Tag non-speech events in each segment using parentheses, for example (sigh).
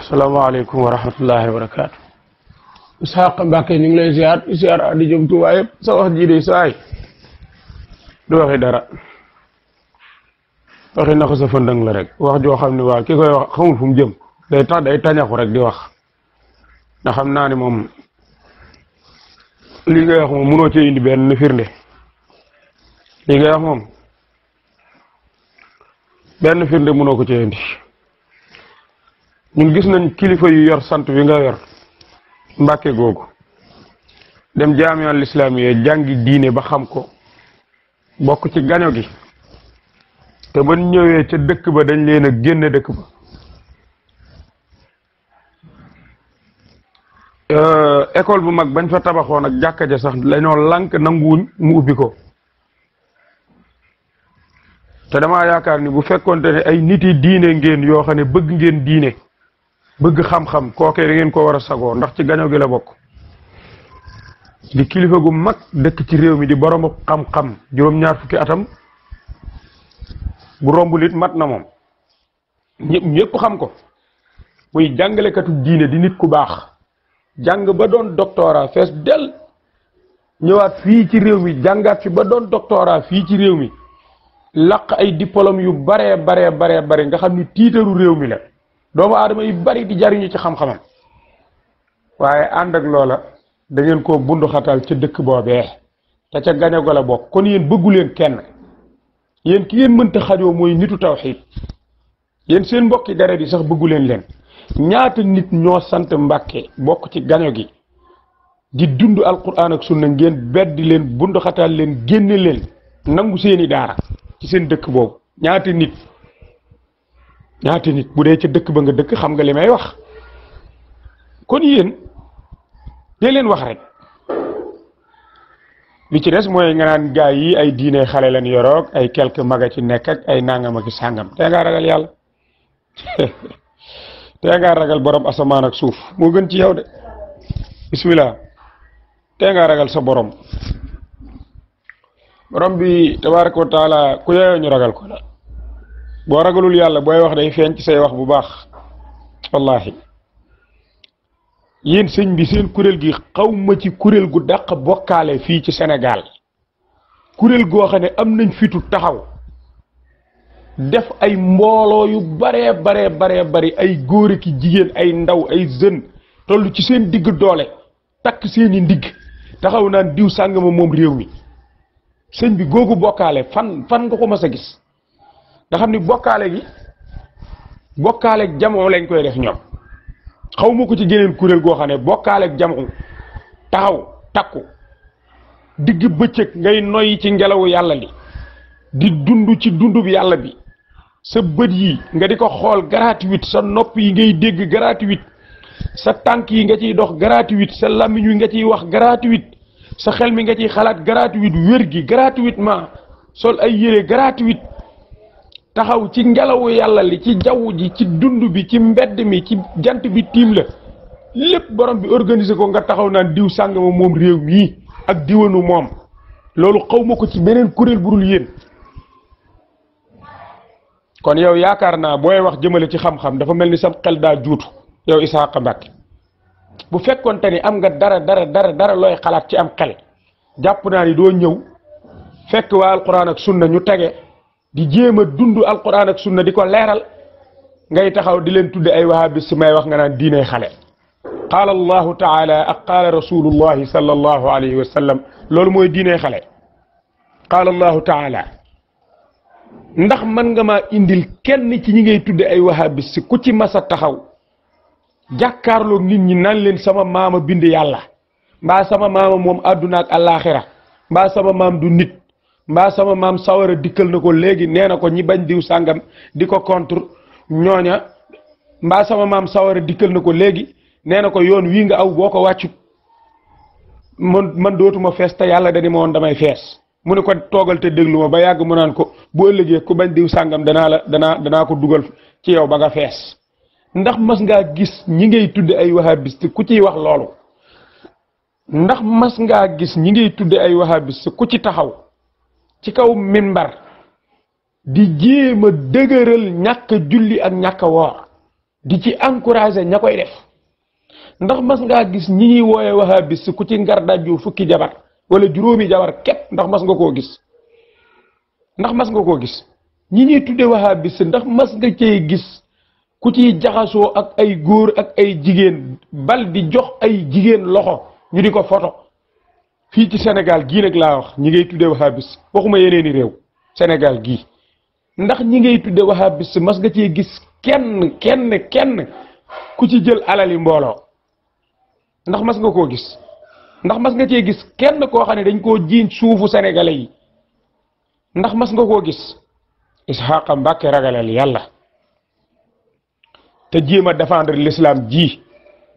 asalaamaaleykum wa rahmatullahi wa barakaatu. Isaaqa Mbàkke ñu ngi lay ziar ziar Adi Diop Touba sa wax ji de saay du waxi dara waxi na ko sa rek wax joo xam ne waa ki koy wax xamul mu jëm day rek di wax ndax xam naa ne moom li ngay wax moom mënoo cee indi benn firnde li ngay moom benn firnde mënoo ko cee indi. ñun gis nañ kilifa yu yor sant wi nga yor mbàkke googu dem jaamial lislaam yi jàngi diine ba xam ko bokk ci gaño gi te ba ñëwee ca dëkk ba dañ leen a génne dëkk ba euh, école bu mag bañ fa tabaxoon ak jàkka ja sax dañoo lànk nanguwuñ mu ubbi ko te dama yaakaar ni bu fekkonte ne ay nit diine ngeen yoo xam ne bëgg ngeen diine bëgg xam-xam kookee da ngeen ko wara a ndax ci gañu gi la bok di kilifa gu mag dekk ci réew mi di borom xam-xam juroom ñaar fukki atam bu rombu lit mat na mom ñepp xam ko muy katu diine di nit ku bax jang ba doon doctorat fess del ñëwaat fi ci réew mi jàngaat fi ba doon doctorat fi ci réew mi laq ay diplôme yu bare bare bare bare nga xamni titeru mi la doomu aadama yu bari di jariñu ci xam-xamam waaye ànd ak loola dangeen ngeen koo bundu ca dëkk boobee te ca gañago la bokk kon yéen bëggu leen kenn yéen ki ngeen mënta xajoo mooy nitu tawxiid yéen seen mbokki dere bi sax bëgguleen leen ñaata nit ñoo sant mbàkke bokk ci gaño gi di dund alquran ak sunna ngeen beddi leen bundu leen génne leen nangu seeni daara ci seen dëkk boobu ñaata nit ñaati nit bu dee ca dëkk ba nga dëkk xam nga li may wax kon yéen dee leen wax rek li ci des mooy nga naan gaa yi ay diine xale leen yoroog ay quelque maga ci nekk ak ay nangam ak sàngam tee ngaa ragal yàlla (laughs) tee ngaa ragal borom asamaan ak suuf moo gën ci yow de bismillah tee ngaa ragal sa boroom borom bi tabaraka wa taala ku yeyoo ñu ragal ko la boo ragalul yàlla booy wax day feeñ ci say wax bu baax wallaahi yéen sëñ bi seen kuréel gi xaw ma ci kuréel gu daq bokkaale fii ci senegaal kuréel goo xam ne am nañ fitu taxaw def ay mbooloo yu baree baree baree bari ay góor ki jigéen ay ndaw ay jeunes tollu ci seen digg doole takk seeni ndigg taxaw naan diw sàng ma moom réew mi sëñ bi googu bokkaale fan fan nga ko mas a gis nga xam ni bokkaale gi bokkaale ak lañ koy def ñoom xaw ma ko ci geneen kuréel goo xam ne bokkaaleek ak jamoo taxaw takku digg bëccëg ngay noyyi ci ngelawu yàlla li di dund ci dundub yàlla bi sa bët yi nga di ko xool gratuite sa nopp yi ngay dégg gratuite sa tànk yi nga ciy dox gratuite sa làmmiñ wi nga ciy wax gratuite sa xel mi nga ciy xalaat gratuite wér gi ma sol ay yére gratuite taxaw ci ngelawu yàlla li ci jaww ji ci dund bi ci mbedd mi ci jant bi tiim la lépp borom bi organiser ko nga taxaw naan diw sàngama moom réew mii ak diwanu moom loolu xaw ma ko ci beneen kuréel bu dul yéen kon yow yaakaar naa booy wax jëmale ci xam-xam dafa mel ni sam xel daa juutu yow Isaaqa Mbàkke bu fekkoonte ni am nga dara dara dara looy xalaat ci am xel jàpp naa ni doo ñëw fekk waa alquran ak sunna ñu tege di jéem a dund alquran ak sunna di ko leeral ngay taxaw di leen tudde ay wahabis si may wax nga naan diine xale qaala allahu taala ak qaala rasulullahi sallallahu alayhi wa sallam loolu mooy diiney xale qaala allahu taala ndax man nga ma indil kenn ci ñi ngay tudde ay wahabis si ku ci masa taxaw jàkkaarloog nit ñi nan leen sama maam a bind yàlla mbaa sama maama moom àdduna ak àllaaxira mbaa sama maam du nit mbaa sama maam sawara dikkal na ko léegi nee na ko ñi bañ diw sàngam di ko contre ñooña mbaa sama maam sawara dikkal na ko léegi nee na ko yoon wii nga aw boo ko wàccut man man dootuma fees te yàlla dani ma damay fees mu ne ko toogal te déglu ma ba yàgg mu naan ko boo ëllëgee ku bañ diw sàngam danaa la danaa danaa ko dugal ci yow ba nga fees ndax mas ngaa gis ñi ngay tudd ay wahabiste ku ciy wax loolu ndax mas ngaa gis ñi ngay tudd ay wahabiste ku ci taxaw ci kaw minbar di jéem a dëgëral ñàkk julli ak ñàkk woor di ci encouragé ña koy def ndax mas ngaa gis ñi ñuy wooye wahabis ku ci ngar daju fukki jabar wala juróomi jabar képp ndax mas nga koo gis ndax mas nga koo gis ñi ñuy tudde wahabis ndax mas nga cee gis ku ciy jaxasoo ak ay góor ak ay jigéen bal di jox ay jigéen loxo ñu di ko foto fii ci senegal gii nag laa wax ñi ngay tuddee wahabis waxuma yeneeni réew senegal gii ndax ñi ngay tuddee wahabis mas nga cee gis kenn kenn kenn ku ci jël alali mbooloo ndax mas nga koo gis ndax mas nga cee gis kenn koo xam ne dañ koo jiiñ suufu sénégalais yi ndax mas nga koo gis Isxaaqa Mbàkke ragalal yàlla te jéem a défendre lislaam jii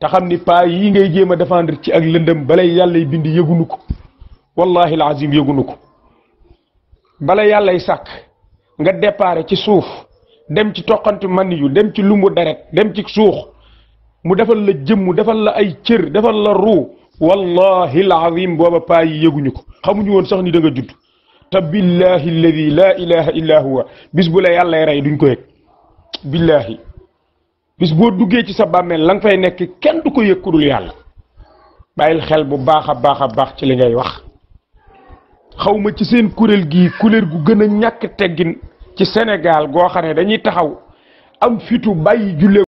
تخمني با ni paa yi ngay jéem a défendre ci ak lëndëm balay yàllay bind yëgunu ko wallahi alazim nga déparé ci souf dem ci toqantu man yu dem ci lumbu deret dem ci souf mu defal la jëm mu defal la ay cër defal la ru wallahi alazim booba paa yi yëguñu ko xamuñu won sax ni da nga judd ta billahi alladhi la ilaha illa huwa bisbu la yalla ray duñ ko yek billahi bis boo duggee ci sa bàmmeel lang nga fay nekk kenn du ko yëg ku dul yàlla bàyyil xel bu baax a baax a baax ci li ngay wax xawma ci seen kuréel gii kuréel gu gën a ñàkk teggin ci Sénégal goo xam ne dañuy taxaw am fitu bàyyi jullee